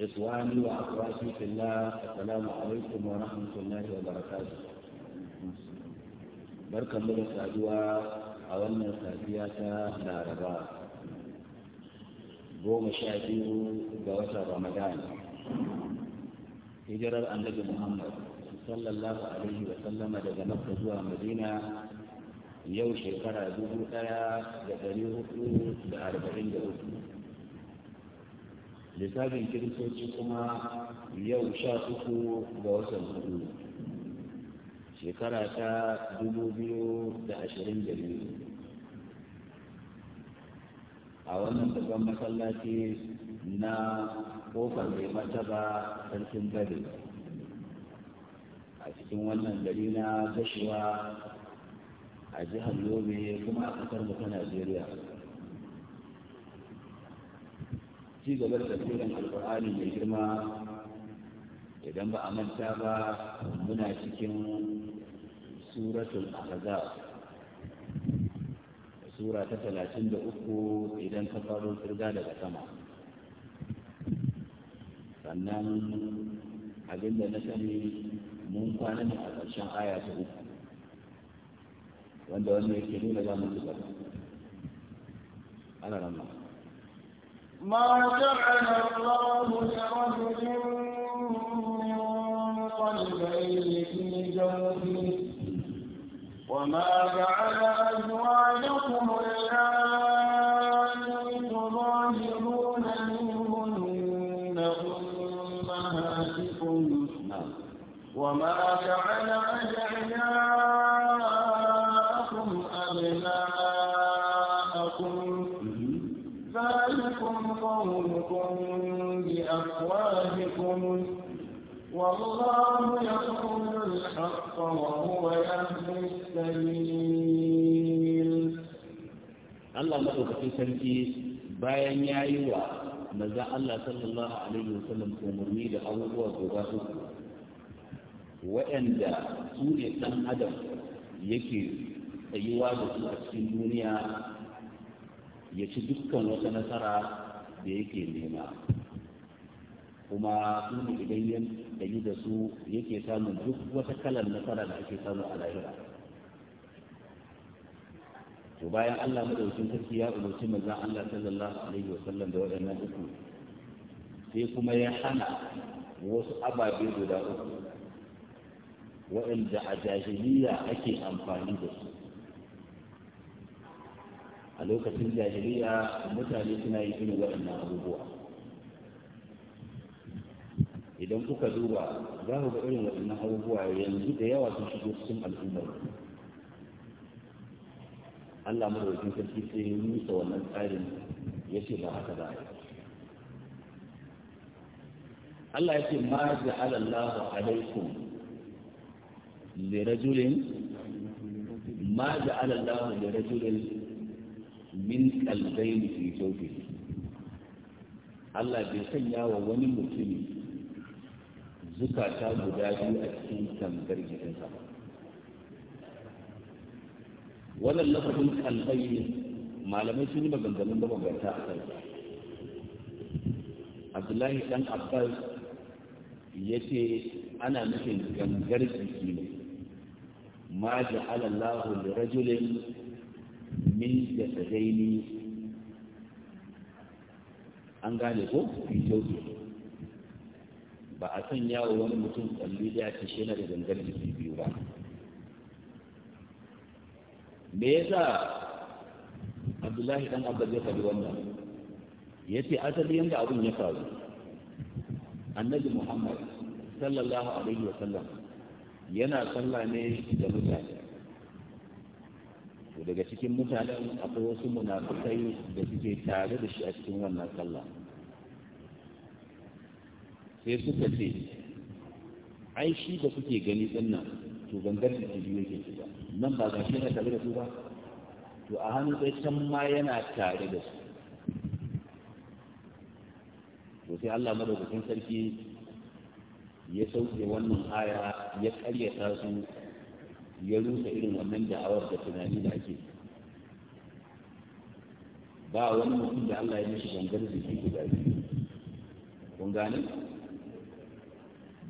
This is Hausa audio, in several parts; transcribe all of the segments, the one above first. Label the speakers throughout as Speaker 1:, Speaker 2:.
Speaker 1: إخواني وأخواتي في الله السلام عليكم ورحمة الله وبركاته بركة من السادوة أولنا السادية لاربا goma sha biyu ga wata Ramadan hijirar annabi Muhammad sallallahu alaihi wa sallama daga Makka zuwa Madina yau shekara dubu ɗaya da ɗari hudu da arba'in da uku. Littafin kiristoci kuma yau sha uku ga watan hudu shekara ta dubu biyu da ashirin da biyu a wannan babban masallaci na kofar mai martaba sarkin bade a cikin wannan gari na gashiwa a jihar yobe kuma a kasar mu ta najeriya ci gaba da tafsirin alkur'ani mai girma idan ba a manta ba muna cikin suratul ahzab sura ta talatin da uku idan ka faro kirga daga sama sannan abinda na sani mun kwana ne a ƙarshen aya ta uku wanda wannan yake nuna za mu zubar ana
Speaker 2: ما جعل الله لرجل من قلبين في جوفه وما جعل أزواجكم اللائي تظاهرون منهن أمهاتكم وما جعل Allah
Speaker 1: الله مدوكتين bayan ya yi wa maza Allah sallallahu Alaihi wasallam umarni da abubuwa su ku. waɗanda su ne ɗan adam yake tsayuwa da su a cikin duniya ya ci dukkan wata nasara da yake nema kuma su ne idan ya da su yake samun duk wata kalar nasara da ake samu a lahira to bayan Allah madaukakin sarki ya umarci manzon Allah sallallahu alaihi sallam da waɗannan uku sai kuma ya hana wasu ababe guda uku waɗanda a jahiliya ake amfani da su a lokacin jahiliya mutane suna yi irin waɗannan abubuwa idan kuka duba za ku ga irin waɗannan abubuwa yanzu da yawa sun shigo cikin al'ummar Allah madaukakin sarki sai ya rusa wannan tsarin ya ce ba haka ba Allah ya ce ma Allah Allahu alaikum li rajulin ma ja'ala Allahu li rajulin min qalbayn fi jawfihi Allah bai sanya wa wani mutumi zukata guda biyu a cikin tamgar jikinsa ba wannan lafafin albayyin malamai sun yi maganganun da maganta a kai abdullahi dan abbas ya ce ana nufin gangar jiki ne ma ja'ala alallahu li rajulin min jasadaini an gane ko ba a sanya wa wani mutum kalli da ya ce shi na da gangar jiki biyu ba me yasa abdullahi dan abbas ya faɗi wannan ya ce asali yadda abin ya faru annabi muhammad sallallahu alaihi wa sallam yana sallah ne da mutane to daga cikin mutanen akwai wasu munafikai da suke tare da shi a cikin wannan sallah sai suka ce ai shi da kuke gani din to da jiki biyu yake shiga nan ba ga shi yana tare da su ba to a hannu sai can ma yana tare da su to sai Allah madaukakin sarki ya sauke wannan aya ya karyata su ya rusa irin wannan da'awar da tunani da ake ba wani mutum da Allah ya mishi gangar jiki guda biyu kun gane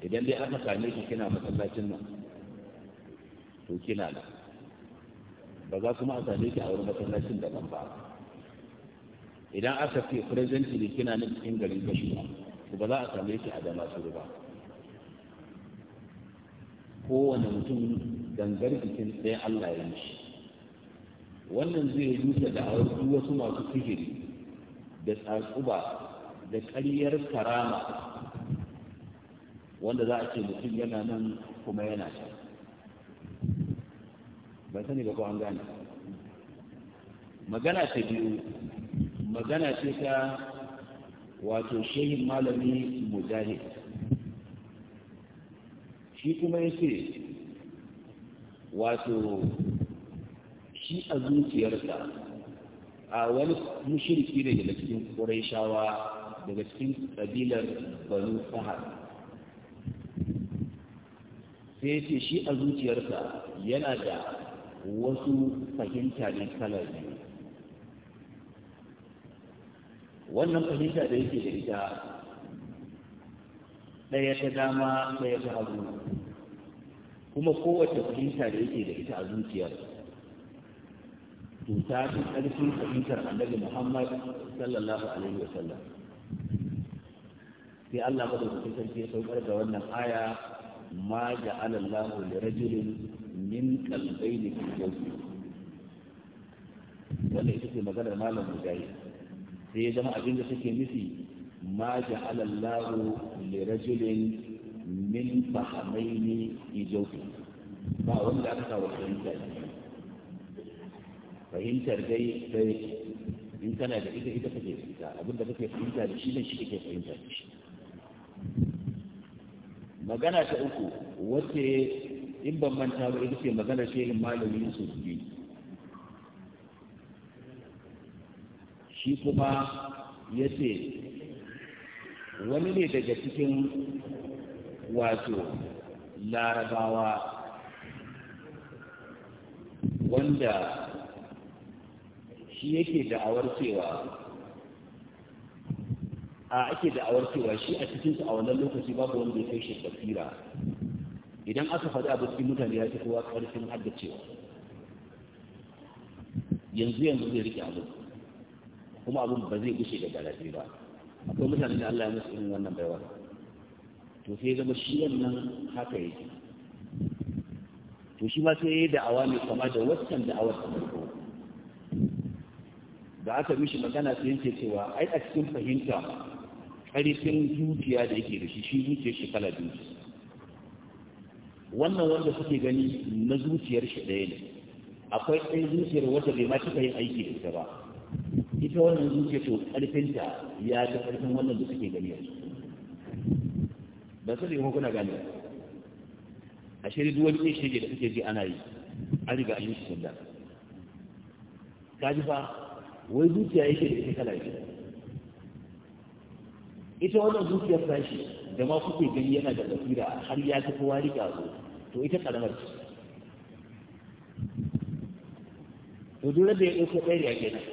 Speaker 1: idan dai aka same shi kina masallacin nan to kina da ba za kuma a same ki a wurin masallacin daban ba idan aka fi presently ne kina nan cikin garin kashi ba ba za a same ki a dama su ba kowane mutum gangar jikin sai Allah ya yi wannan zai rusa da duk wasu masu sihiri da tsatsuba da ƙaryar karama wanda za a ce mutum yana nan kuma yana can ban sani ba ko an gane magana ta biyu magana ce ta wato shehin malami mujahid shi kuma ya ce wato shi a zuciyarsa a wani mushirki daga cikin ƙuraishawa daga cikin ƙabilar banu sahar sai ce shi a zuciyarsa yana da wasu fahimta ne kalar ne wannan fahimta da yake da ita ɗaya ta dama ɗaya ta hagu kuma kowace fahimta da yake da ita a zuciyar cuta ta ƙarfin fahimtar annabi muhammad sallallahu alaihi wa sallam. sai allah madaukakin sarki ya saukar da wannan aya ma ja'alallahu li rajulin min kalbai ne ke jauki wanda ita ce maganar malam mujahi sai ya zama abin da take nufi ma ja'ala Allahu li rajulin min fahamaini fi jauki ba wanda aka sa wa fahimta fahimtar dai dai in kana da ita ita kake fahimta abinda kake fahimta da shi ne shi kake fahimta da shi magana ta uku wacce. in ban manta ba ita ce magana shehin malamin su ne shi kuma ya ce wani ne daga cikin wato larabawa wanda shi yake da'awar cewa a ake da'awar cewa shi a cikinsu a wannan lokaci babu wanda ya kai shi basira idan aka faɗi abu cikin mutane ya fi kowa ƙarfin haddacewa yanzu yanzu zai rike abu kuma abin ba zai gushe da galafi ba akwai mutane da Allah ya musu irin wannan baiwa to sai zama shi wannan haka yake to shi ma sai ya yi da'awa mai kama da waccan da'awar ta farko da aka mishi magana sai yake cewa ai a cikin fahimta ƙarfin zuciya da yake da shi shi zuciyar shi kala biyu wannan wanda suke gani na zuciyar shi ɗaya ne akwai ɗaya zuciyar wata bai ma cika yin aiki da ita ba ita wannan zuciya to ƙarfinta ya ga ƙarfin wannan da suke gani yanzu ba su da kuna gane a shirin duk wani shege da suke ji ana yi an riga an yi shi sanda ka ji fa wai zuciya yake da ita kala ita ita wannan zuciyar tashi da ma kuke gani yana da basira har ya tafi wari zuwa to ita karamar ce to dole da ya ɗauko ɗari a kenan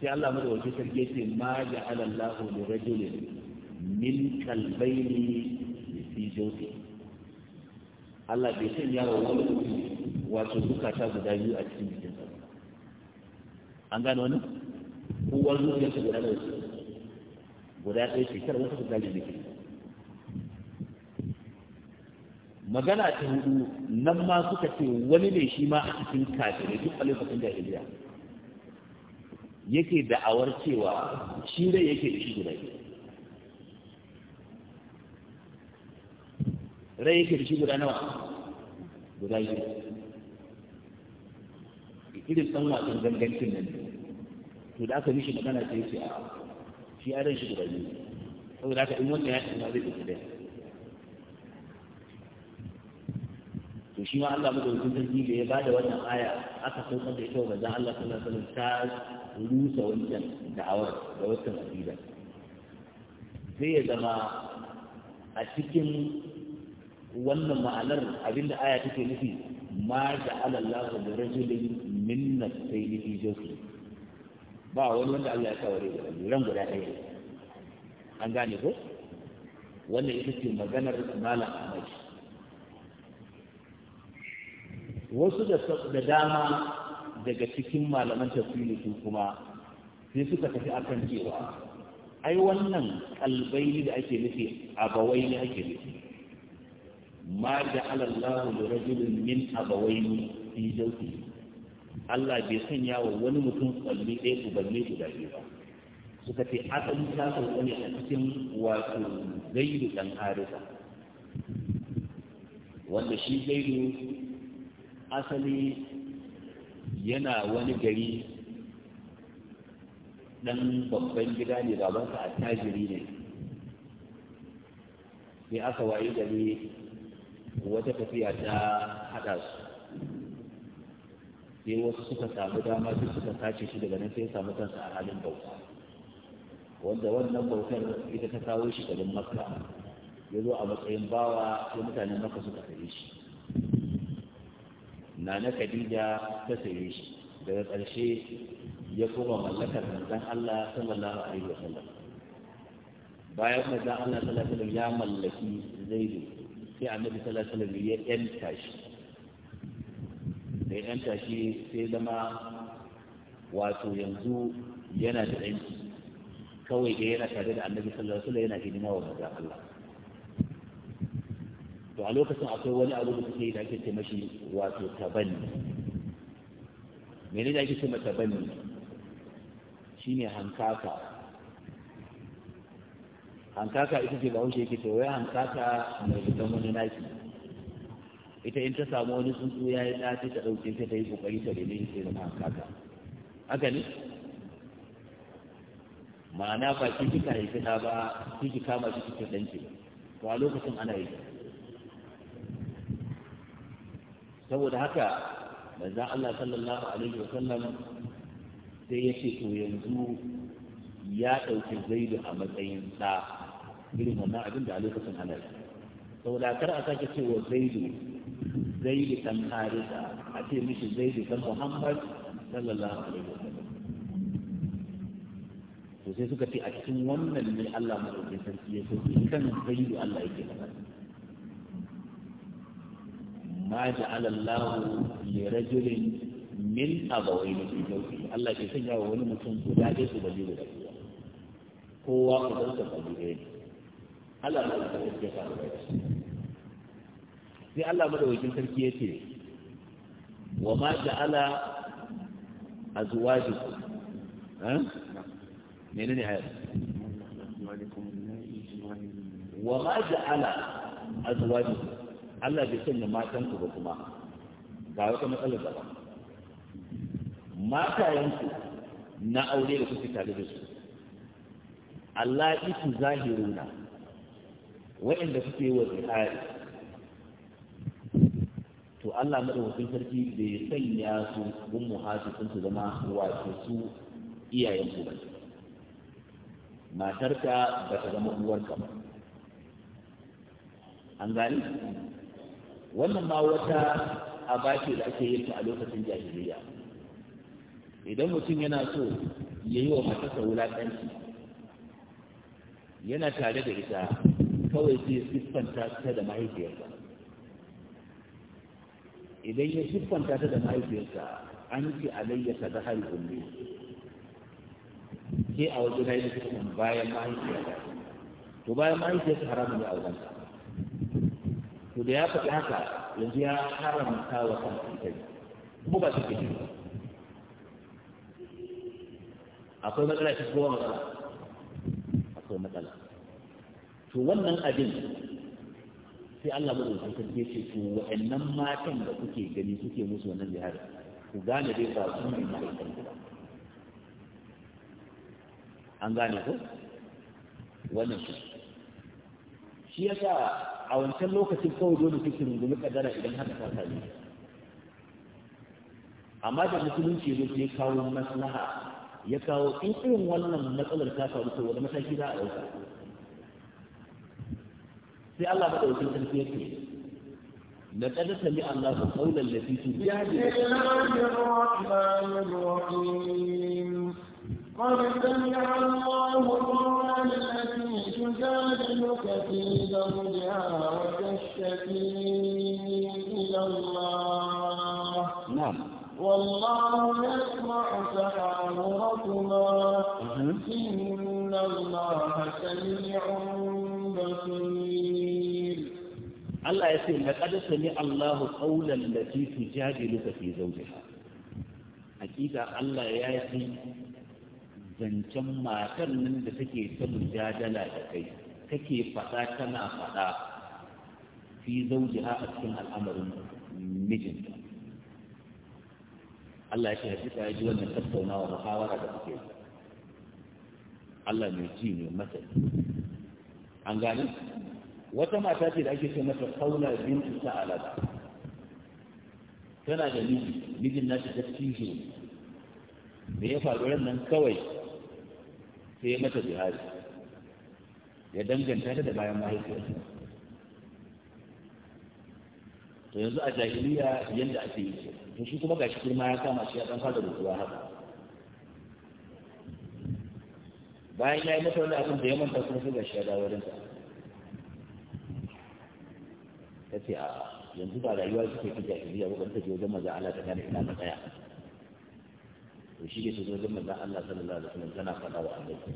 Speaker 1: sai Allah mu da wace sarki ce ma ja alallahu li rajulin min kalbaini fi jawfi Allah bai sanya wa wani mutum wato zukata guda biyu a cikin jikin sa an gane wani kowa zuciyarsa guda ɗaya guda ɗaya shekara wata guda biyu ne magana ta hudu nan ma suka ce wani ne shi ma a cikin kafirai duk a lokacin iliya yake da'awar cewa shi ne yake da shi rai rai yake da shi guda nawa guda yi irin da wasan gangancin nan to da aka mishi magana yi ce a shi a ran shi guda biyu saboda haka in wannan ya ce ma zai ɗauki ɗaya shi ma Allah madaukakin sarki da ya bada wannan aya aka saukar da ita wa manzon Allah sallallahu alaihi wasallam ta rusa wancan da'awar da wancan aqida sai ya zama a cikin wannan ma'anar abinda aya take nufi ma da Allah da rajulin minna sai fi jawfi ba wani wanda Allah ya kaware da ran guda ɗaya an gane ko wannan ita ce maganar malam Ahmad wasu da dama daga cikin malaman tafsiri su kuma sai suka tafi akan cewa ai wannan kalbai da ake nufi a bawai ne ake nufi ma da alallahu da rajulun min ne fi jauki Allah bai sanya wa wani mutum kalbi ɗaya ku balle guda biyu ba suka ce asali ta sauka ne a cikin wato gairu ɗan harisa wanda shi gairu asali yana wani gari ɗan babban gida ne babansa a tajiri ne sai aka wayi gari wata tafiya ta haɗa su sai wasu suka samu dama su suka sace shi daga nan sai samu kansa a halin bauta wanda wannan bautar ita ta kawo shi garin makka ya zo a matsayin bawa sai mutanen makka suka kare shi nana Khadija ta saye shi daga ƙarshe ya kuma mallakar manzon Allah sallallahu alaihi wasallam bayan manzon Allah sallallahu alaihi wasallam ya mallaki Zaidu sai Annabi sallallahu alaihi wasallam ya yanta shi da yanta shi sai zama wato yanzu yana da yanki kawai da yana tare da Annabi sallallahu alaihi wasallam yana hidima wa manzon Allah to a lokacin akwai wani abu da suke da ake ce mashi wato tabanni menene ake ce ma tabanni shine hankaka hankaka ita ce bahaushe yake ce wai hankaka mai fitan wani naki ita in ta samu wani tsuntsu ya yi ɗaci ta ɗauke ta ta yi ƙoƙari ta rene ne zama hankaka haka ne ma'ana ba ki kika haifi ta ba ki kama kika ɗanke to a lokacin ana yi saboda haka manzon Allah sallallahu alaihi wasallam sai ya ce to yanzu ya ɗauki zaidu a matsayin ɗa irin wannan abin da a lokacin ana yi saboda kar a sake cewa zaidu zaidu ɗan harisa a ce mishi zaidu ɗan muhammad sallallahu alaihi wasallam to sai suka ce a cikin wannan ne Allah madaukakin sarki ya so kan zaidu Allah yake magana ma ja'ala Allahu li rajulin min abawayni fi zawji Allah ke sanya wa wani mutum guda ɗaya su bali guda ɗaya kowa uban sa bali ɗaya ne Allah ma da gaskiya ta da sai Allah sarki wa wa Allah bai sanya matan ku ba kuma ga wata matsalar da ba ku na aure da kuke tare da su Allah ya zahiru zahiruna waɗanda kuke wa zihari to Allah madaukakin sarki bai sanya su gun sun su zama wato su iyayen su ba matarka ba ta zama uwarka ba an gani wannan ma wata abace da ake yin ta a lokacin jahiliya idan mutum yana so ya yi wa matarsa wulaƙanci yana tare da ita kawai sai siffanta ta da mahaifiyarsa idan ya siffanta ta da mahaifiyarsa an ce alayya ta zahar gulli sai a wajen na yi bayan mahaifiyarsa to bayan mahaifiyarsa haramun ya auranta to da ya faɗi haka yanzu ya haramta wa kansa ita ne kuma ba su ke ji akwai matsala shi kowa matsala akwai matsala to wannan abin sai Allah mai rubuta ya ce to wa'annan matan da kuke gani kuke musu wannan jihar ku gane dai ba su ne ma'aikatan ba an gane ko wannan shi shi yasa a wancan lokacin kawai dole kake rungumi kadara idan haka ta sami amma da musulunci zo sai kawo maslaha ya kawo in irin wannan matsalar ta faru to wani mataki za a ɗauka sai Allah ba ɗauki sarki yake لقد سمع الله قول التي تجادلك
Speaker 2: بسم الله الرحمن الرحيم قد سمع الله قول التي تجادل في زوجها وتشتكي إلى الله نعم والله يسمع تحاوركما إن الله سميع بصير الله يسير لقد سمع الله قول التي تجادلك
Speaker 1: في زوجها حقيقة الله يأتي zancen matar nan da take ta mujadala da kai take faɗa tana faɗa fi zauji a cikin al'amarin mijinta Allah ya shaharci ta ji wannan tattaunawa muhawara da take Allah mai ji ne mata an gane wata mata ce da ake ce mata bin ta sa'alaba tana da miji mijin nashi dattijo me ya faru ran nan kawai sai ya mata jihari ya danganta ta da bayan mahaifiyarsa to yanzu a jahiliya yadda ake yi to shi kuma gashi girma ya kama shi ya dan fara rubuwa haka bayan ya yi mata wani abin da ya manta kuma sai gashi ya dawo wajen ta ce a yanzu ba rayuwa suke ta jahiliya ba ta je wajen maza Allah ta gane ina matsaya to shi ne ta zo zama da Allah sallallahu alaihi wasallam tana faɗa wa annabi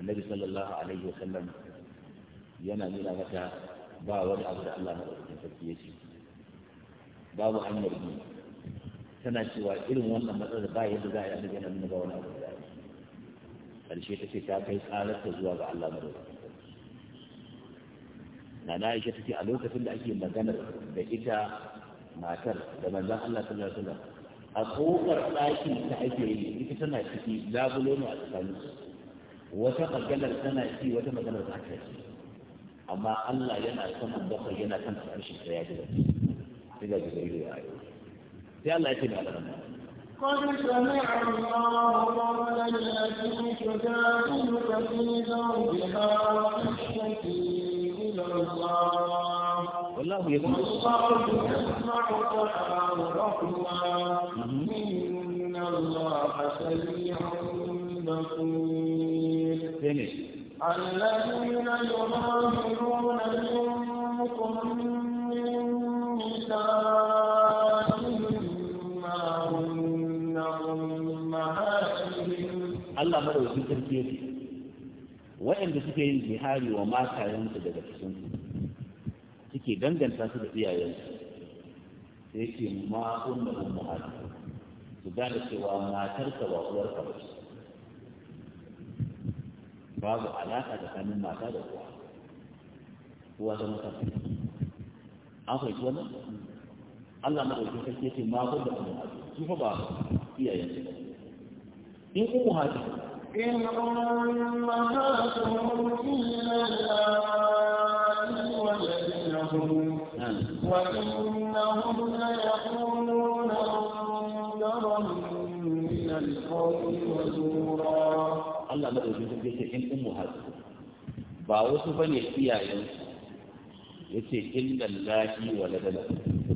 Speaker 1: annabi sallallahu alaihi wasallam yana nuna mata ba wani abu da Allah madaukakin sarki ya ce babu hanyar bi tana cewa irin wannan matsalar ba yadda za a yi annabi yana nuna ba wani abu da ƙarshe ta ce ta kai tsararta zuwa ga Allah madaukakin sarki na na aisha take a lokacin da ake maganar da ita matar da manzon Allah sallallahu alaihi wasallam a kofar ɗakin ta ake yi ita tana ciki labulo ne a tsakanin wata maganar tana ci wata maganar ba ta ci amma Allah yana saman bakwai yana kan ƙarshen sa ya ji da sai ga jibril ya yi sai Allah ya ce da Allah
Speaker 2: قد سمع الله قول التي تجادلك في زوجها وتشتكي إلى الله والله يسمع إن الله سميع بصير الذين يظاهرون منكم من نسائهم ما هن أمهاتهم
Speaker 1: الله مره في تركيتي وإن بسكين جهاري وما كان ينتدى بسنتي suke danganta su da iyayensu sai yake ma kunna umma hadu su gane cewa matarka ba uwar ka ce babu alaƙa tsakanin mata da uwa uwa ta mata an fahimci wannan Allah na ɗauki sarki ce ma da umma hadu su fa ba iyayensu ba in umma hadu
Speaker 2: in umma hadu illa الرسول وإنهم ليقولون منكرا من القول وزورا
Speaker 1: الله لا يوجد in إن أمهاتكم ba wasu ba ne iyayensu ya ce in inda lahi wa ladala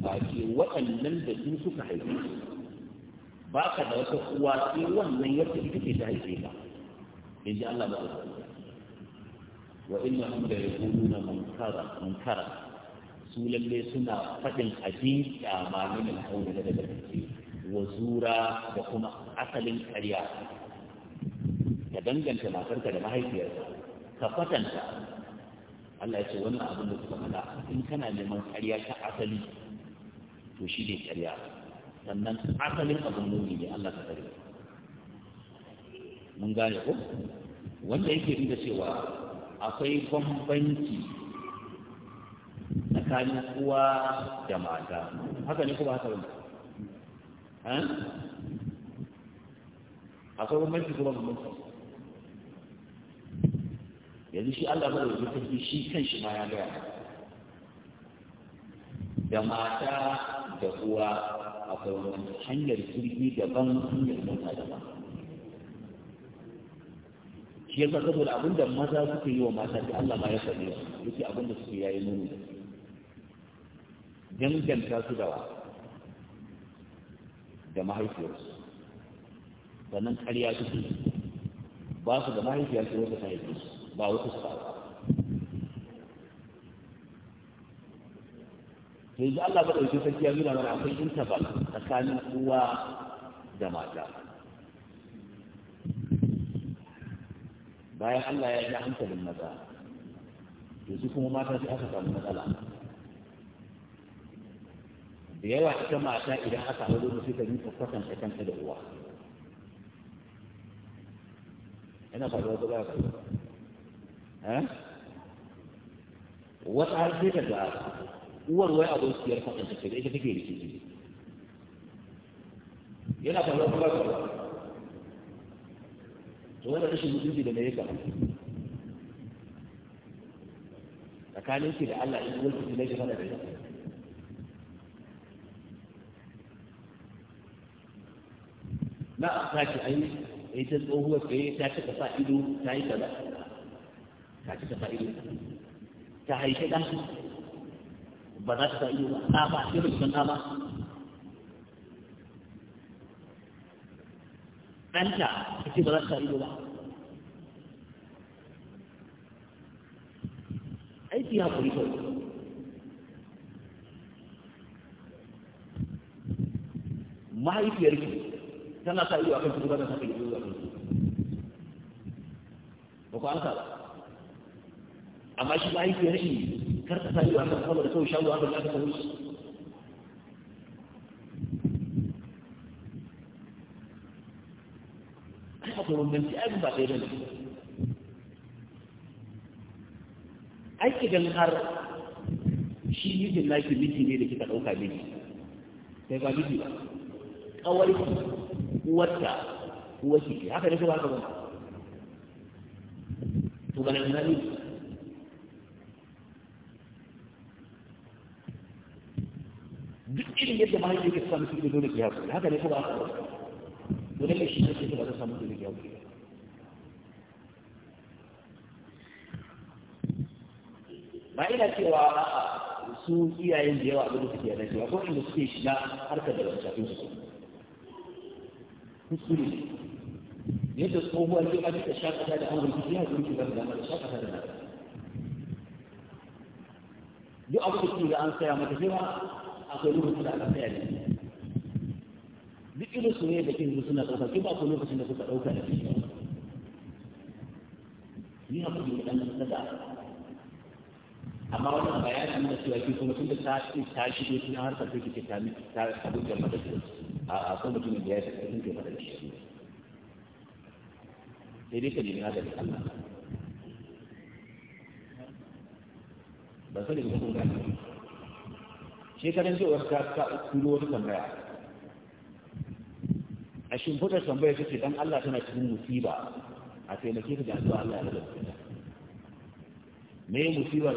Speaker 1: ba ke waɗannan da su suka haife ba ka da wata uwa sai wannan yadda ita ce ta haife ka in ji Allah ba wa inna hum la yaquluna munkara munkara su lalle suna faɗin abin kyama min alƙawli da daga gaske wa zura da kuma asalin ƙarya ka danganta matarka da mahaifiyarka ka fatanta Allah ya ce wannan abin da kuka faɗa in kana neman ƙarya ta asali to shi ne ƙarya sannan asalin abin nuni ne Allah ka tsare mun gane ko wanda yake inda cewa akwai bambanci tsakanin uwa da mata haka ne kuma haka ne eh? akwai bambanci kuma bambanci yanzu shi Allah mara wajen tafi shi kan shi ma ya gaya da mata da uwa akwai wani hanyar jirgi daban hanyar mota daban shi yasa saboda abinda maza suka yi wa mata da Allah ma ya faɗi yake abinda suke yayi nuni danganta su da da mahaifiyarsu sannan ƙarya su ba su da mahaifiyarsu wata ta haifi ba wata su ba to yanzu Allah ba ɗauki sarki ya nuna mana akwai interval tsakanin uwa da mata bayan Allah ya yi hankalin maza yanzu kuma mata sai aka samu matsala da yawa ita mata idan aka hawo da suka yi kwatan kanta da uwa ina ba da ba ka eh wata har sai ka ga uwar wai abin siyar ta kwatan da ita take rikici
Speaker 3: yana faruwa ba ka
Speaker 1: to wanda rashin mutunci da me ya kamata tsakanin shi da Allah in wani kuma shi fada da shi za a sashi an yi ta tsohuwar tsaye ta cika sa ido ta yi kaza ta cika sa ido ta haifi ɗan ba za ta sa ido ba ta ba sai ba ta ba ɗanta ita ba za ta sa ido ba aiki ya kuri kawai mahaifiyarki tana sa ido akan su da sa ido da ba ku an amma shi ba yake rashi kar ta sa ido akan saboda kawai shago aka kawo shi ai akwai bambanci ai ba ɗaya ai idan har shi mijin naki miji ne da kika ɗauka sai ba ba kawai uwarta uwar shi haka ne ko ba haka ba
Speaker 3: to ga nan ne duk irin yadda mahaifi yake
Speaker 1: samu su dole ke hakuri haka ne ko ba haka ba dole ne shi ne ba ta samu dole ke hakuri ba ina cewa su iyayen da yawa abin da suke yana cewa ko inda suke shiga harkar da wancan su في السنة ليس الصعوبة التي قد تشاق هذا أمر الاجتهاد من كتاب الله تشاق هذا الأمر لأبسط إلى أن صيام كثيرة أقلوه في العالم الثاني بإلى سنة لكن السنة قد تجب أقلوه في السنة قد أوكل في السنة لنقل أن نتدع
Speaker 3: أما وجد بيان
Speaker 1: أن السواكي فمسند تاشي في النهار فتجد كتابي تاشي في المدرسة a so mutumin da ya shi ƙarfin ke faɗa da shi sai dai ka nemi haka da Allah ba sani ko kun gani shekaran jiya wasu ta kulo wata tambaya a shimfiɗar tambaya ta ce dan Allah tana cikin musiba a taimake ka da zuwa Allah ya rage ta me musibar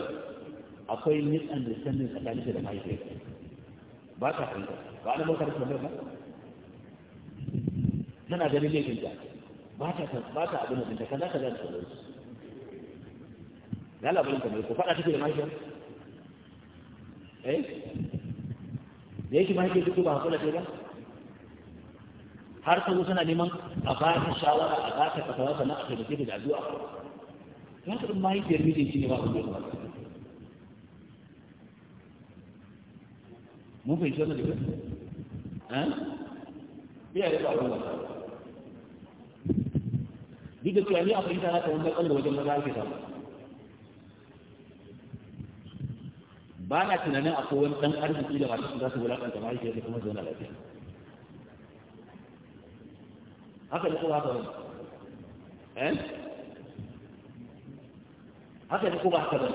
Speaker 1: akwai misunderstanding tsakanin da mahaifiyarka ba ta fahimta ba na maka da tambaya ba tana ganin laifin ta ba ta ba ta abin da ta kaza kaza da sauransu ya labarin ta ko fada take da mahaifiyar eh da yake mahaifiyar duk ba hakula ce ba har ta suna neman a ba ta shawara a ba ta kasawa a da addu'a ya ta mahaifiyar mijin shi ne ba ku ba mun fahimci da kyau
Speaker 3: eh biya da ba ku ba
Speaker 1: duk da cewa ni a fahimta na ta wani da wajen maza ake samu ba na tunanin akwai wani ɗan arziki da masu za su wulaƙanta mahaifiyar da kuma zauna lafiya haka da kuma haka wani eh? haka da kuma haka wani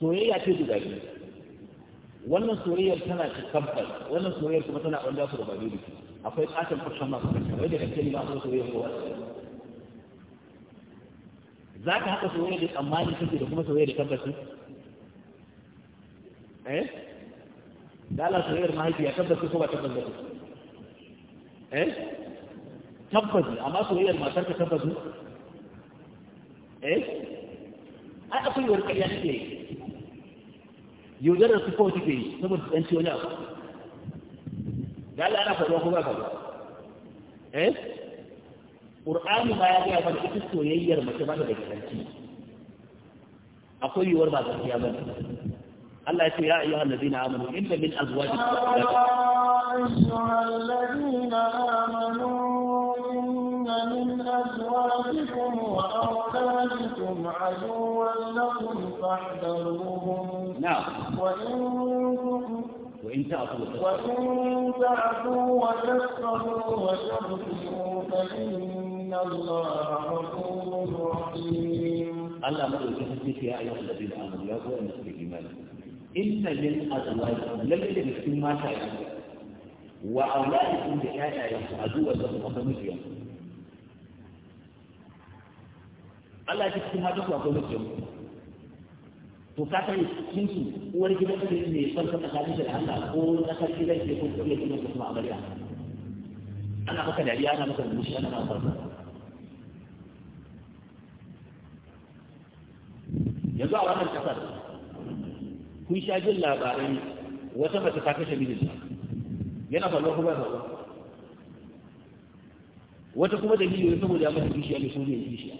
Speaker 1: soyayya ce guda biyu wannan soyayyar tana ci tabbas wannan soyayyar kuma tana ɓanda su da babu da akwai katon fuskan masu kashe wajen da kake ne ba su soyayya kowa za ka haka su soyayya da tsammani kake da kuma su soyayya da tabbaci eh da Allah soyayyar mahaifiya tabbaci ko ba tabbaci eh tabbaci amma soyayyar matar ka tabbaci eh ai akwai warkar ya take yi da su kawai take yi saboda ɗan wani ne abu قال أنا فتوكو ما فتوكو إيه قرآن ما يجي أفضل إتسكو يير مكبات بكتنكي أقول يور بعض الحيامة الله يا أيها الذين آمنوا إن من أزواج يا
Speaker 2: أيها الذين آمنوا من أزواجكم وأولادكم عدوا لكم فاحذروهم نعم وإن وإن تعفوا وتسخروا وتغفروا فإن الله غفور
Speaker 1: رحيم الله مدعو كفتك يا أيها الذين آمنوا يا أخوة الناس بالإيمان إن من أزواجكم لم يجد ما تعلمون وأولادكم بآياتكم عدوا لكم وخمسيا Allah ya cikin mata su akwai mutum to ka san kin su uwar gidan su ne son ka tsakanin da Allah ko na sarki zai ce ko kuma kuma kuma amariya ana maka dariya ana maka mushi ana maka farko yanzu a wannan kasar kun sha jin labarai wata mace ta kashe mijinta yana faruwa kuma ya faruwa wata kuma da dalili ne saboda mata kishiya ne so ne kishiya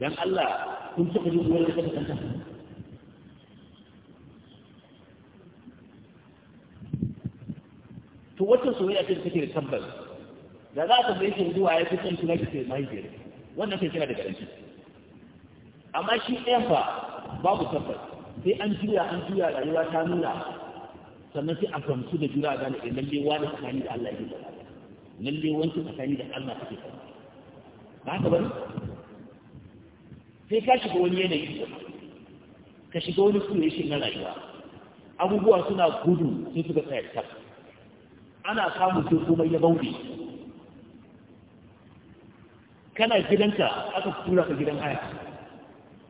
Speaker 1: dan Allah kun taɓa jin uwar da ta kanta to wacce soyayya ce take da tabbas da za ta bayyana zuwa ya fi son tuna kike mahaifiyar wannan kai kira da garanti amma shi ɗayan fa babu tabbas sai an juya an juya rayuwa ta nuna sannan sai a gamsu da jura gane da eh, lalle wani tsakani da Allah ya yake lalle wanki tsakani da Allah kake ba haka bane sai ka shiga wani yanayi ka shiga wani situation na rayuwa abubuwa suna gudu sai suka tsaya ta ana samun sai kuma ya bauɗe kana gidanka aka tura ka gidan haya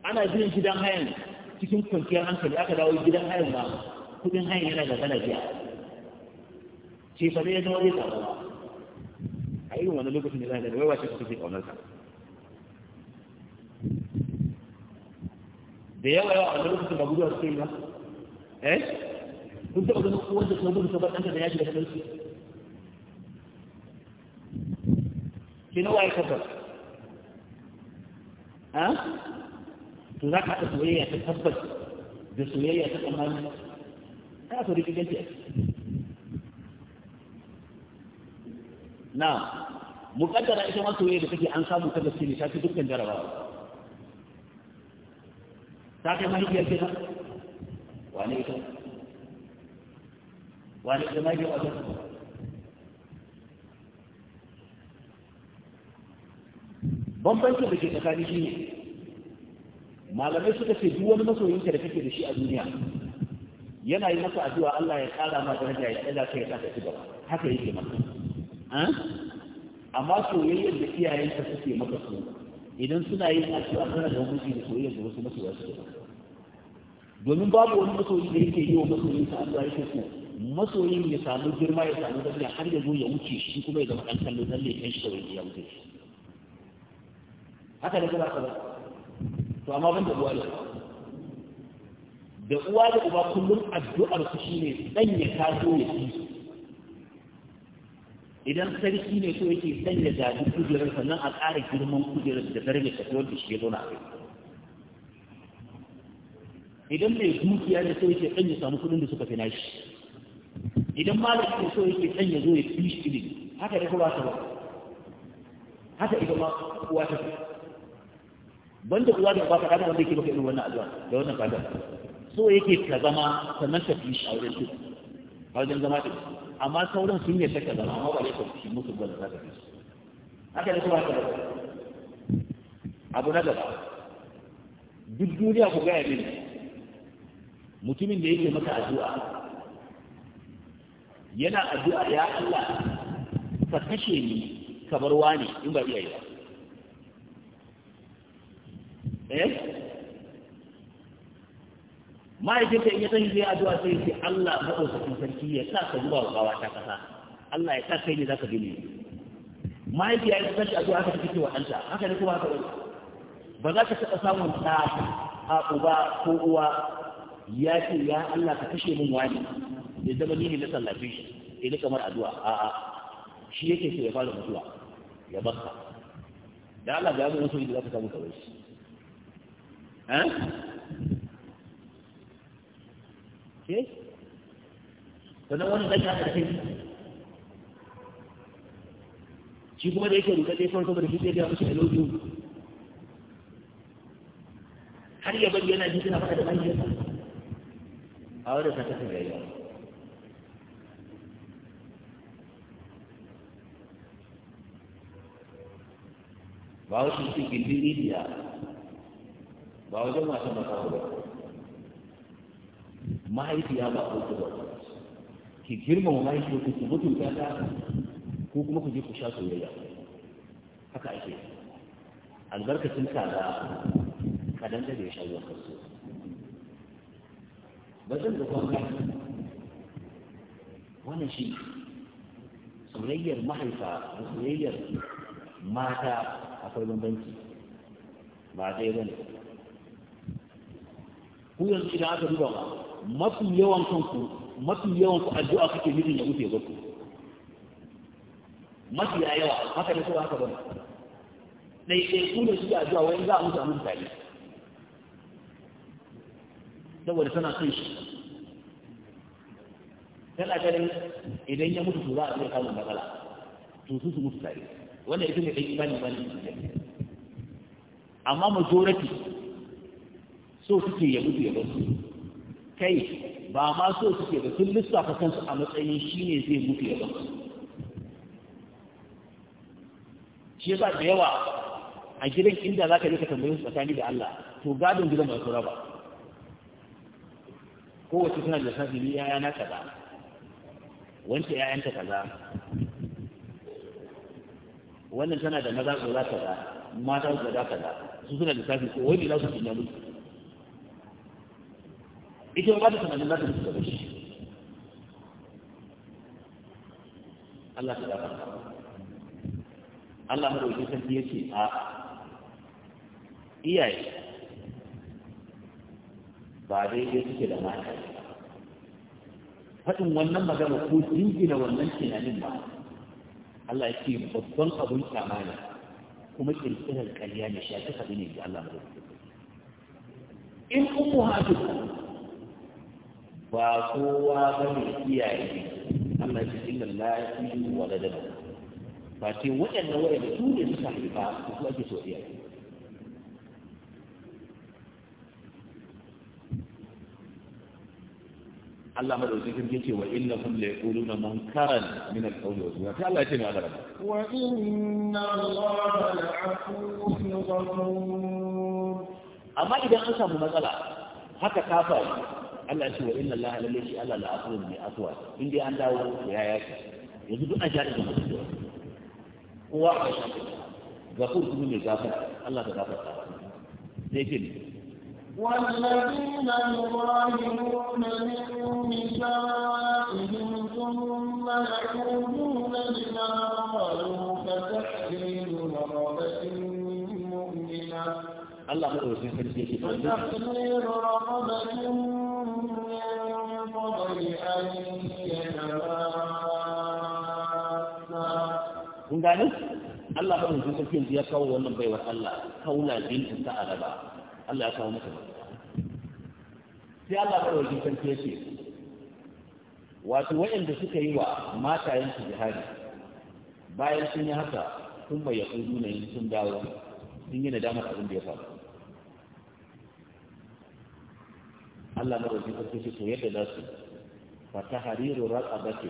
Speaker 1: ana gidan gidan hayan cikin kwanciyar hankali aka dawo gidan hayan ba kudin hayan yana da kana biya ce fa ne ya zama zai tsaro a irin wani lokacin da zai zai wai wace ka kake kaunar ka da yawa yawa a lokacin ba guduwa suke yi ba eh kun taɓa ganin ko wanda kuma gudu ta ɗanta da yaji da sarki ke na waye kasar ha to za ka haɗa soyayya ta tabbas da soyayya ta tsammani ta a sauri kiganci a na muƙaddara ita ma soyayya da kake an samu ta gaske ne ta fi dukkan jarabawa ta kai mahaifiyar kenan wane ita wane ita mahaifiyar wajen bambancin da ke tsakani shi ne malamai suka ce duk wani masoyinka da kake da shi a duniya yana yi masa addu'a Allah ya kara ma daraja ya tsada kai ta tafi gaba haka yake masa amma soyayyar da iyayenka suke maka su idan suna yin addu'a suna da hukunci da soyayya da wasu masoya su da domin babu wani masoyi da yake yi wa masoyin sa addu'a yake ko masoyin ya samu girma ya samu daraja har ya zo ya wuce shi kuma ya zama dan kallo dan leken shi da ya wuce haka da kuma kaza to amma ban da uwa da da uwa da uba kullum addu'ar su shine dan ya taso ya ci idan sarki ne so yake sanya zaɓi kujerar sannan a ƙara girman kujerar da da ta wanda shi ya zauna a kai idan mai dukiya ne so yake sanya samu kuɗin da suka fi nashi idan malami ne so yake sanya zo ya fi shi haka da kuma ta ba haka ita ma uwa ta banda uwa da ba ta kada wanda yake baka irin wannan addu'a da wannan fata so yake ka zama sannan ta fi shi a wurin a wajen zama da su amma sauran sun yi shakka zama amma ba ne ka fi musu gwada za ka fi su haka ne kuma haka da abu na gaba duk duniya ku gaya mini mutumin da yake maka addu'a yana addu'a ya Allah ka kashe ni kamar wani in ba yi ba eh ma'aikinta in ya tashi zai addu'a sai ce Allah maɗaukakin sarki ya sa ka zuwa gawa ta kasa. Allah ya sa kai ne za ka gani ma'aiki ya yi tashi addu'a aka tafi wa ɗanta haka ne kuma haka ɗauka ba za ka taɓa samun ɗa a uba ko uwa ya ce ya Allah ka kashe min wani ya zama ni ne na sallafe shi ya kamar addu'a a'a shi yake so ya fara mutuwa ya baka da Allah ga yamin wasu da za ka samu kawai shi eh? ke sannan wani zai haka kai shi kuma da yake rubuta shi da har ya bari yana da a ta kasa ba wasu su gindin ba wajen masu mahaifiya ba abokin wata ki girmama mahaifiya ku ki mutunta ta ko kuma ku je ku sha soyayya haka ake albarkacin kaza kadan da ya sha ruwan kasu ba zan da kwanka wannan shi soyayyar mahaifa da soyayyar mata akwai bambanci ba dai bane ku yanzu idan aka duba ba mafi yawan kanku mafi yawan ku addu'a kake nufin ya wuce zaku mafi yawa haka ne ko haka bane sai ku ne suke addu'a wai za a mutu amin tare saboda tana son shi tana ganin idan ya mutu to za a iya samun matsala to su su mutu tare wannan ita ne ɗan imani ne amma majority so suke ya mutu ya su kai ba ma so suke ba sun lissafa kansu a matsayin shi ne zai mutu ya su shi yasa da yawa a gidan inda za ka je ka tambayi su tsakani da Allah to gadon gidan ba su raba kowace suna da lissafi ni yaya na kaza wancan yayanta kaza wannan tana da maza kaza kaza mata kaza kaza su suna lissafi ko wani za su tunanin ita ba da tunanin za ta mutu da shi Allah ta dafa Allah madauki sarki yace a iyaye ba daidai suke da mata faɗin wannan magana ko jingina wannan tunanin ba Allah ya ce babban abin kyamana kuma ƙirƙirar ƙarya ne shafi abin ne ga Allah madauki
Speaker 3: in ummu hatu
Speaker 1: ba kowa ba ne iyaye Allah shi inna lafi wa ladana ba ce waɗannan waɗanda su ne suka haifa su kuma ake so iyaye Allah madaukakin wajen ce wa inna hum la na munkaran min al-qawl wa zuwa ta Allah ya ce ne Allah
Speaker 2: wa inna Allah la'afuwwun ghafur amma idan an samu matsala haka
Speaker 1: kafa Allah ya ce wa inna Allah lalle shi Allah la asru mai in dai an dawo ya yaki yanzu duk a jari da mutum kowa a shi gafur kuma mai gafara Allah ta gafarta sai ke
Speaker 2: والذين يظاهرون من نسائهم ثم يعودون لما قالوا Allah ka dauki sarki yake ba da tafsir ramadan
Speaker 1: kun gane Allah ka dauki sarki yanzu ya kawo wannan baiwar Allah kaula bintin ta araba Allah ya kawo ba. sai Allah ka dauki sarki yake wato waɗanda suka yi wa matayensu jihari bayan sun yi haka sun bai yaƙudu na yin sun dawo sun yi nadamar abin da ya faru Allah madaukakin sarki ce to yadda za su fa tahriru raqabati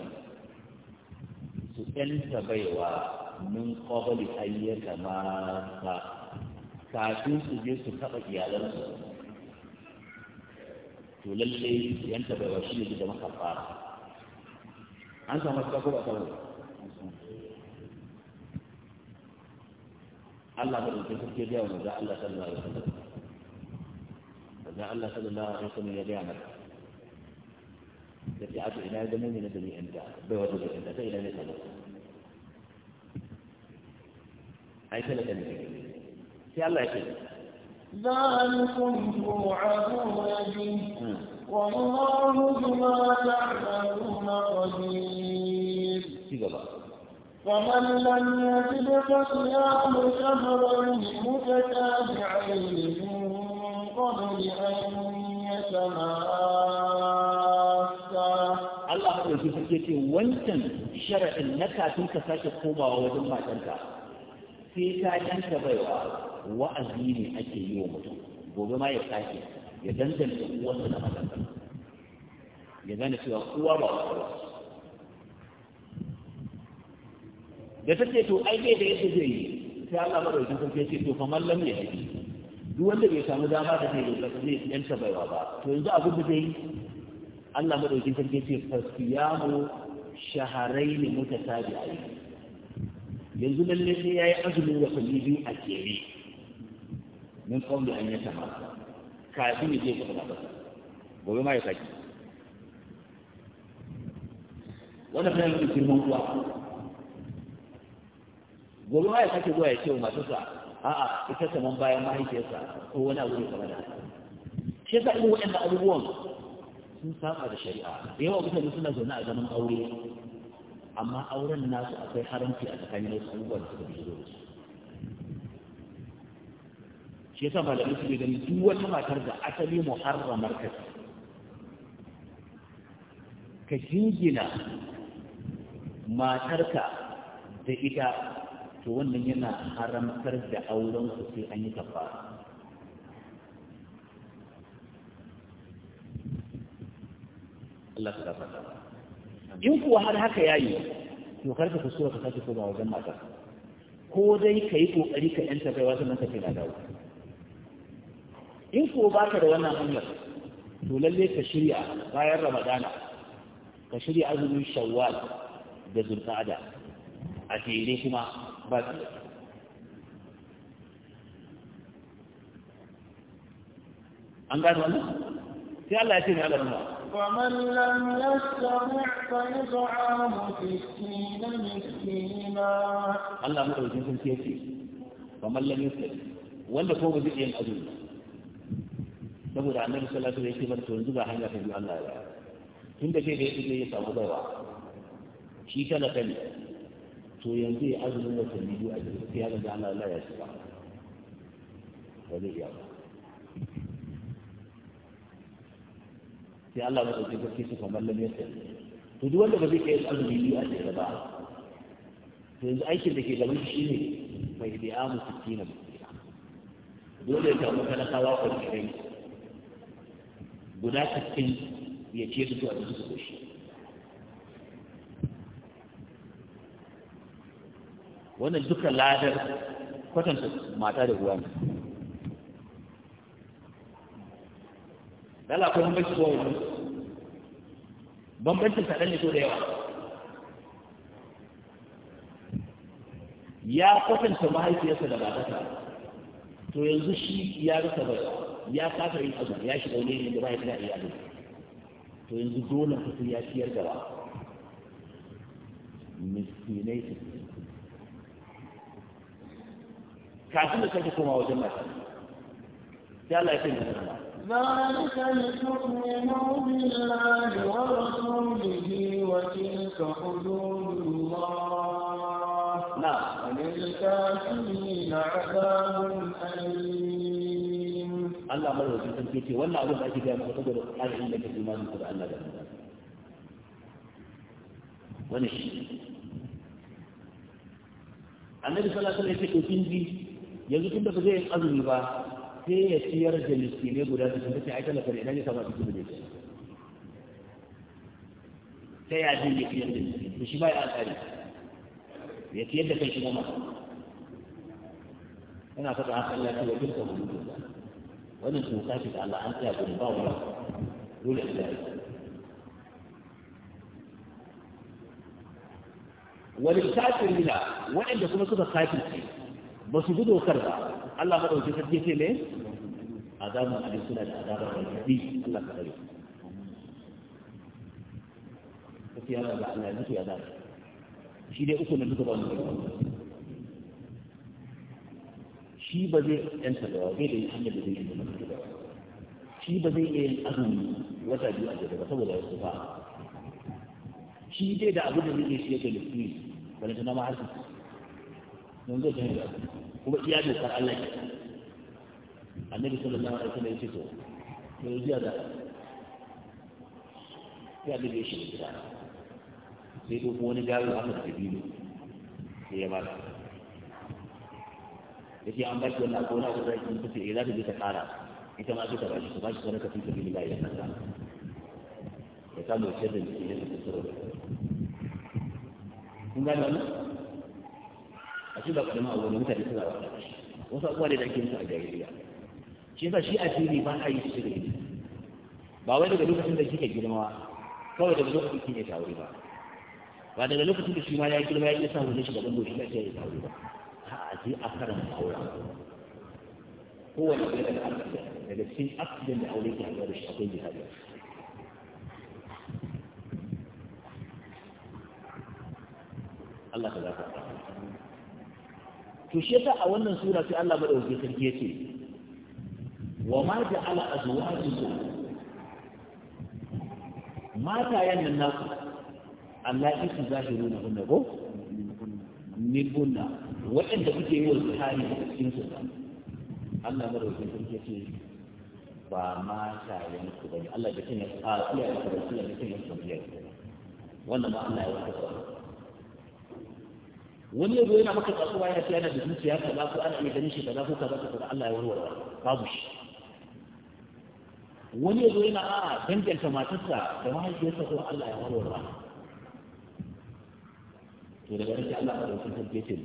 Speaker 1: su ɗanta baiwa min qabli ayyaka ma kafin su je su taɓa iyalansu to lalle yan shi ne da maka fara an samu ta ko ba ta wani Allah ba da ke da wani da Allah sallallahu alaihi wasallam لعل صلى الله عليه وسلم يبيعنا يبيعت إلى دم من الدنيا أنت بوجود أنت إلى ليس لك في الله يكفي
Speaker 2: ذلكم توعدون والله بما تعملون قدير ومن لم يجد فصيام شهرين متتابعين من قبل أن يتماسا Allah haɗauki
Speaker 1: sarki ce wancan shara'in na kafin ka sake komawa wajen matanka sai ka yanka baiwa wa'azi ne ake yi wa mutum gobe ma ya sake ya danganta uwarsa da matanka ya gane cewa uwa ba wata ba da take to ai bai da yadda zai yi sai Allah maɗaukin sarki ce to kamar lam ya haɗi duk wanda bai samu dama da zai yauka zai yanta baiwa ba to yanzu abin da zai Allah madaukin sarki ce fasiyamu shaharaini mutatabi'ai yanzu lalle sai yayi azumin da biyu a kere min qawli an yatama kafin ne sai kuma ba gobe ma ya saki Wanda fara yin firman kuwa gobe ma ya sake zuwa ya ce masu sa. a'a ita kaman bayan mahaifiyarsa ko wani abu ne kamar da shi yasa irin waɗannan abubuwan sun saba da shari'a da yawa mutane suna zaune a zaman aure amma auren nasu akwai haramci a tsakanin wasu abubuwa da suka fito da su shi yasa malamai suke gani duk wata matar da asali muharramar ka ka jingina matarka da ita to wannan yana haramtar da auren ku sai an yi kafara Allah ta fata in kuwa har haka yayi to karka so ka sake ba wajen matar ko dai ka yi kokari ka yanta kai wasu nan ka na dawo in ko baka da wannan hanyar to lalle ka shirya bayan ramadana ka shirya azumin shawwal da zulqa'ada a jere kuma ba an gano wannan sai Allah ya ce ne Allah
Speaker 2: ومن لم يستطع فإطعام ستين مسكينا
Speaker 1: الله مره جنسن سيأتي ومن لم يستطع wanda ko ba zai yin azumi saboda annabi sallallahu alaihi wasallam to yanzu ba hanya ta bi Allah ya tunda sai da yake baiwa shi to yanzu ya azumin watanni biyu a jirgin sai ya ga Allah Allah ya shiga ba zai iya ba sai Allah ba ɗauki gaske su kamar lam yasir to duk wanda ba zai kai azumi biyu a jirgin ba to yanzu aikin da ke gaban shi ne mai bi'a mu sittina musira dole ya samu talakawa kwanci guda sittin ya ce su a cikin su koshi wannan duka ladar kwatanta mata da uwa ne dala ko mun bace wani bambancin kaɗan ne ko da yawa ya kwatanta mahaifiyarsa da babata to yanzu shi ya rasa bai ya kafa yin azu ya shiga wani ne da mahaifiyar iya azu to yanzu dole ka ya ciyar da ba miskinai su kafin da sake koma wajen يتم sai
Speaker 2: Allah ذلك لتؤمنوا بالله ورسوله وتلك حدود الله نعم وللكافرين عذاب أليم
Speaker 1: الله مرة في تنكيتي ولا أبو بأيك يا مقتدر أرعي لك الإيمان قد أن لك ونشي النبي صلى الله عليه وسلم يقول yanzu tun da ba zai azumi ba sai ya ciyar da miskinai guda da sun tafi aikata kare idan ya samu abin da zai ta ya zai ya ciyar da miskinai to shi ba ya alƙari ya ciyar da kai shi gama yana faɗa haka Allah ta wajen ta hudu wannan tsoka ce da Allah an tsaya gudu ba wani dole a zai wani kafin nila waɗanda kuma suka kafin ba su bi Allah ba Allah madauki sarki ce ne azabun ali suna da azabar gargadi Allah ka dare kace ya ga Allah ya ji ya dare shi dai uku ne duka ba mu shi ba zai yanta da waje da yake da zai yi mutu shi ba zai yin azumi wata biyu a gaba saboda wasu ba shi dai da abin da zai shi yake lissi wani tana ma harkar mun zai kuma iya dokar Allah ke annabi sallallahu alaihi wasallam yace to da ya shi gida sai ko wani aka tafi ne sai ya ba yake an baki wannan gona ko zai kin tafi idan ka je ka kara ita ma ta bashi ba shi sanar ka ya samu da ke da tsoro kun a shi ba kadama abu ne mutane suna wata wasu abubuwa ne da ake musu a jahiliya shi yasa shi cikin ba a yi su shirki ba wai daga lokacin da kike girma kawai daga lokacin da ya tauri ba ba daga lokacin da shi ma ya girma ya isa wani shi gaban doshi ba sai ya tauri ba a sai a karan aure kowane ɗaya da alƙalai daga cikin aksiden da aure ke haɗuwa da shi akwai jihadi Allah ka zafa to shi yasa a wannan sura sai Allah madaukakin sarki yace wa ma ja'ala azwajukum mata yannan naku Allah ya su zahiru na hunna ko ni bunna waɗanda kuke yi wa tsari da cikin su Allah madaukakin sarki yace ba mata yanku bane Allah da kina a iya da kina da kina wannan ma Allah ya wasa wani yanzu yana maka kasuwa ya fi yana da zuciya kaza ko ana iya ganin shi kaza ko kaza kaza Allah ya warware babu shi wani yanzu yana a danganta matarsa da mahaifiyarsa ko Allah ya warware to daga nan Allah ya dauki sarki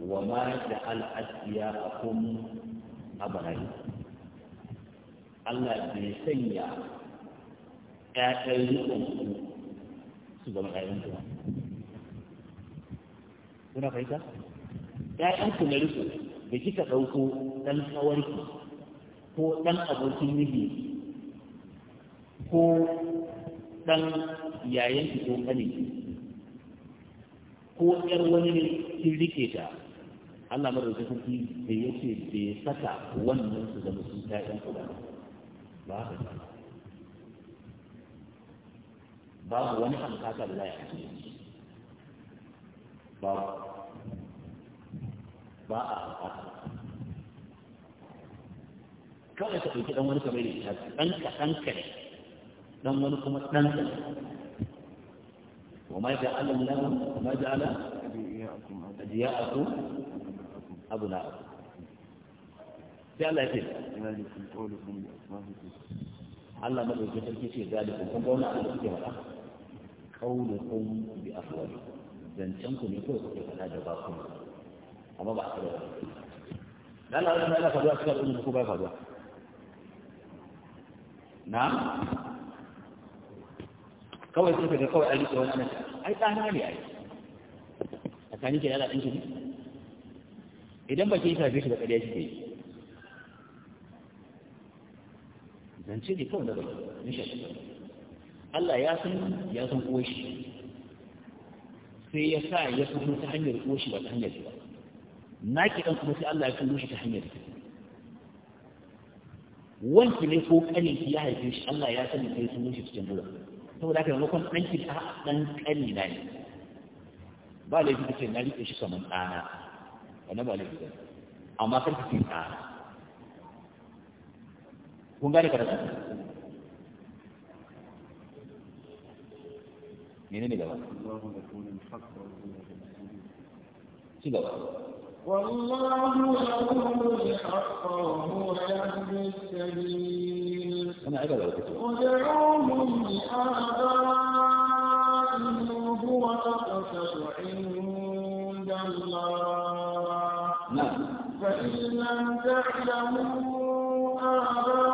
Speaker 1: wa ma da a kun abarai Allah bai sanya ƴaƴan rikon su zama ƴaƴan ku kuna fahimta ƴaƴan ku na riko da kika ɗauko ɗan tsawarki ko ɗan abokin miji ko ɗan yayanki ko ƙaninki ko ƴar wani ne kin rike ta Allah da sarki bai da bai saka wannan su zama sun ƴaƴan ku ba ba haka ba babu wani kasa da za a yi babu ba a haka kawai ka ɗauki ɗan wani kamar da ita ɗan ka ne ɗan wani kuma ɗan ne wa ma ja Allah na ma ja Allah adiya aku abu na aku sai Allah ya ce Allah madaukakin sarki ce zalikum kun ga wani abu da suke faɗa qaulukum bi afwahikum zancen ku ne kawai kuke faɗa da baku amma ba a kira ba dan Allah yana faruwa cikin al'umma ko ba faruwa na kawai sun ga kawai an rike wani ana ai ɗana ne ai a kani ke yana ɗinki ne idan ba ke yi shafe shi da ƙarya kike yi zance ne kawai da bai nishan Allah ya san ya san shi. sai ya sa ya fito ta hanyar shi ba ta hanyar ba na ki dan kuma sai Allah ya kallo shi ta hanyar wanki ne ko kanin ki ya haife shi Allah ya sani sai sun shi cikin dura saboda haka maimakon dan ki ta dan kani na ne ba laifi kace na rike shi kamar dana wannan ba laifi ba amma kar ki tsara kun gane karatu menene gaba
Speaker 3: ci gaba
Speaker 2: والله يقول الحق وهو يهدي السبيل
Speaker 1: ادعوهم
Speaker 2: لآبائهم هو أقسط عند الله فإن لم تعلموا آبائهم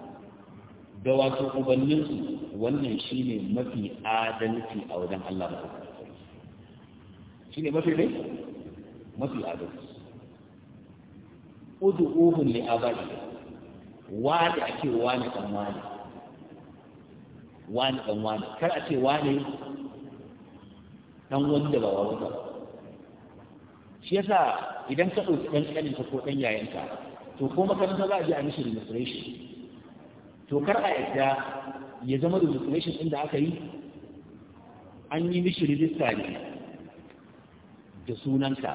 Speaker 1: da wato ubanninsu wannan shi ne mafi adalci a wajen Allah ba shi ne mafi dai mafi adalci udu uhun li abadi wa da ake wani dan wani wani dan wani kar a ce wani dan wanda ba wa ba shi yasa idan ka ɗauki ɗan ka ko ɗan yayanka to ko makaranta za a je a mishi registration to kar a yadda ya zama da registration inda aka yi an yi mishi rijista ne da sunanka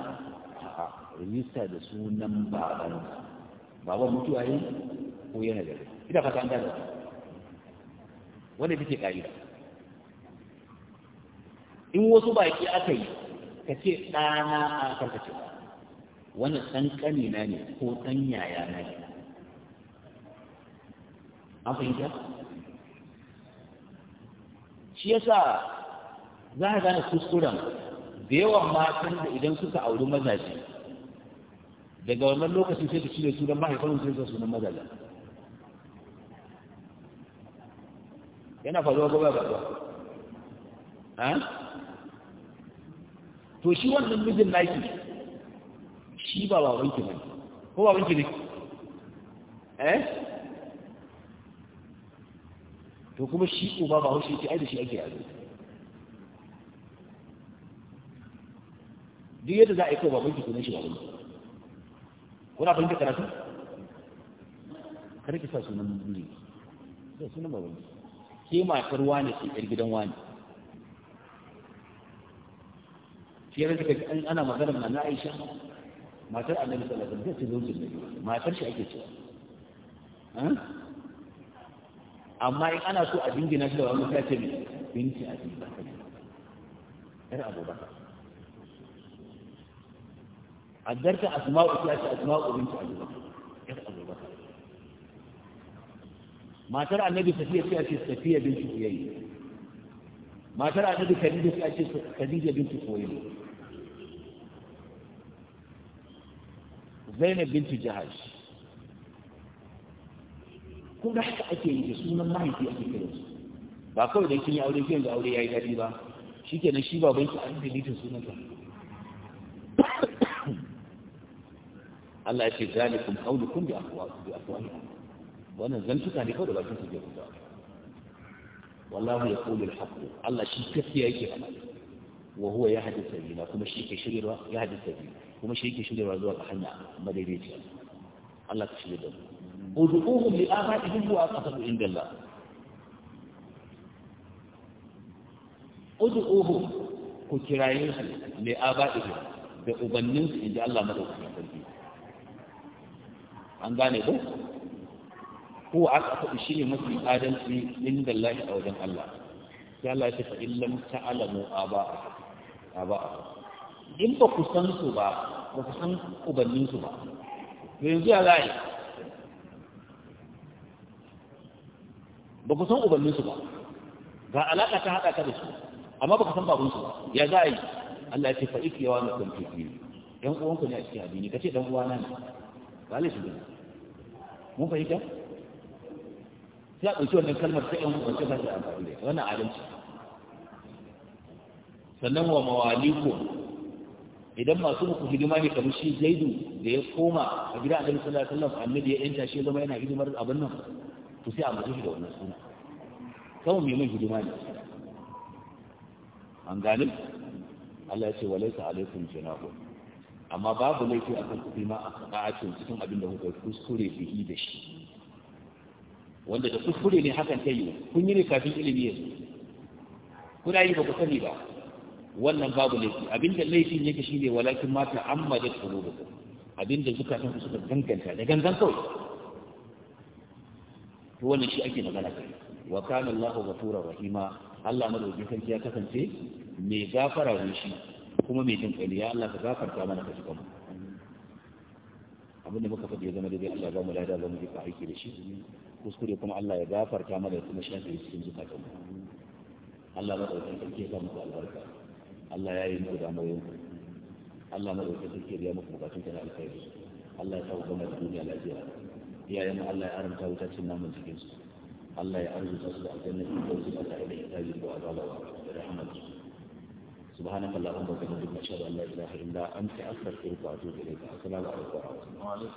Speaker 1: a rijista da sunan baban baban mutuwa ne ko yana da ina fata an gane wanda take ka'ida in wasu baki aka yi ka ce ɗana a karkace Wani ɗan ƙanina ne ko ɗan yaya na ne an fahimta shi yasa za a gane kuskuren da yawan matan da idan suka auri mazaje daga wannan lokacin sai da cire su don mahaifin sai ka sunan mazaje yana faruwa gaba gaba to shi wannan mijin naki shi ba babanki ne ko babanki ne eh to kuma shi uba ba haushi ce ai da shi ake yanzu. duk yadda za a yi kawo babanki sunan shi babanki kuna fahimta karatu kar ki sa sunan buri da sunan babanki ke matar wani ke yar gidan wani shi yadda kake an ana magana na Aisha matar Annabi sallallahu alaihi wasallam ce zo ki matar shi ake cewa amma in ana so a jingina shi da wani ta ce mai binci a jini ba kai yar abubakar addarta asma'u ta ce asma'u binci abubakar yar abubakar matar annabi safiya ta ce safiya binci kuyayi matar annabi khadija ta ce khadija binci kuyayi zainab binci jahash kun da haka ake yi da sunan mahaifi ake kira ba kawai da kin yi aure yanzu aure ya yi daɗi ba shikenan shi baban ki an dalilin sunan ka Allah ya ce zalikum qawlukum bi aqwalikum bi aqwalikum wannan zantuka ne kawai da bakin su ke fita wallahu yaqulu al-haqq Allah shi gaskiya yake faɗa wa huwa ya yahdi sabila kuma shi ke yake shiryarwa yahdi sabila kuma shi yake shiryarwa zuwa ga hanya madaidaiciya Allah ka shirya da mu ud'uhum li aba'ihim wa aqsatu indallah
Speaker 3: ud'uhum
Speaker 1: ku kiraye su li aba'ihim da ubannin inda Allah madaukakin sarki an gane ko ko aqsatu shine mafi adalci indallahi a wajen Allah sai Allah ya ce fa illam ta'lamu aba'akum aba'akum in ba ku san su ba ba ku san ubannin su ba yanzu ya zai ba ku san ubanninsu ba ga alaƙa ta haɗa ka da su amma ba ku san babansu ba ya za a yi Allah ya ce fa iki yawa na kan fiye ɗan uwanku ne a cikin addini ka ce ɗan uwana ne ba laifi ba mun fahimta sai a ɗauki wannan kalmar sai ɗan uwanku ba ta amfani da wannan adalci sannan wa mawaliku idan masu muku hidima ne kamar shi zaidu da ya koma a gida annabi sallallahu alaihi wasallam annabi ya yanta shi zama yana hidimar abin nan to sai a mutu shi da wannan suna kawai mai mun hidima ne an gani Allah ya ce wa laisa alaikum junahun amma babu laifi akan kuɗi ma a ka'acin cikin abin da kuka kuskure bihi da shi wanda da kuskure ne hakan ta yi kun yi ne kafin ilimi ya zo kuna yi ba ku sani ba wannan babu laifi abinda laifin yake ne walakin mata Amma ma ta'ammadat qulubukum abinda zukatan ku suka danganta da gangan kawai to wannan shi ake magana kai wa kana Allahu ghafurur rahima Allah madaukakin sarki ya kasance mai gafara ne shi kuma mai jin kai ya Allah ka gafarta mana ka cika mu abin da muka faɗi ya zama daidai Allah ba mu lada ba mu ji aiki da shi kuskure kuma Allah ya gafarta mana kuma shi shafe cikin zukatan mu Allah madaukakin sarki ya samu albarka Allah ya yi muku damuwa Allah madaukakin sarki ya muku bukatun ta na alkhairi Allah ya sa ku gama duniya lafiya iyayen Allah ya haramta wuta cin namun cikin su Allah ya arzuta su da aljannatin da su tare da hisabi ko azaba da rahmat سبحانك اللهم وبحمدك اشهد ان لا اله الا انت استغفرك واتوب اليك السلام عليكم ورحمه الله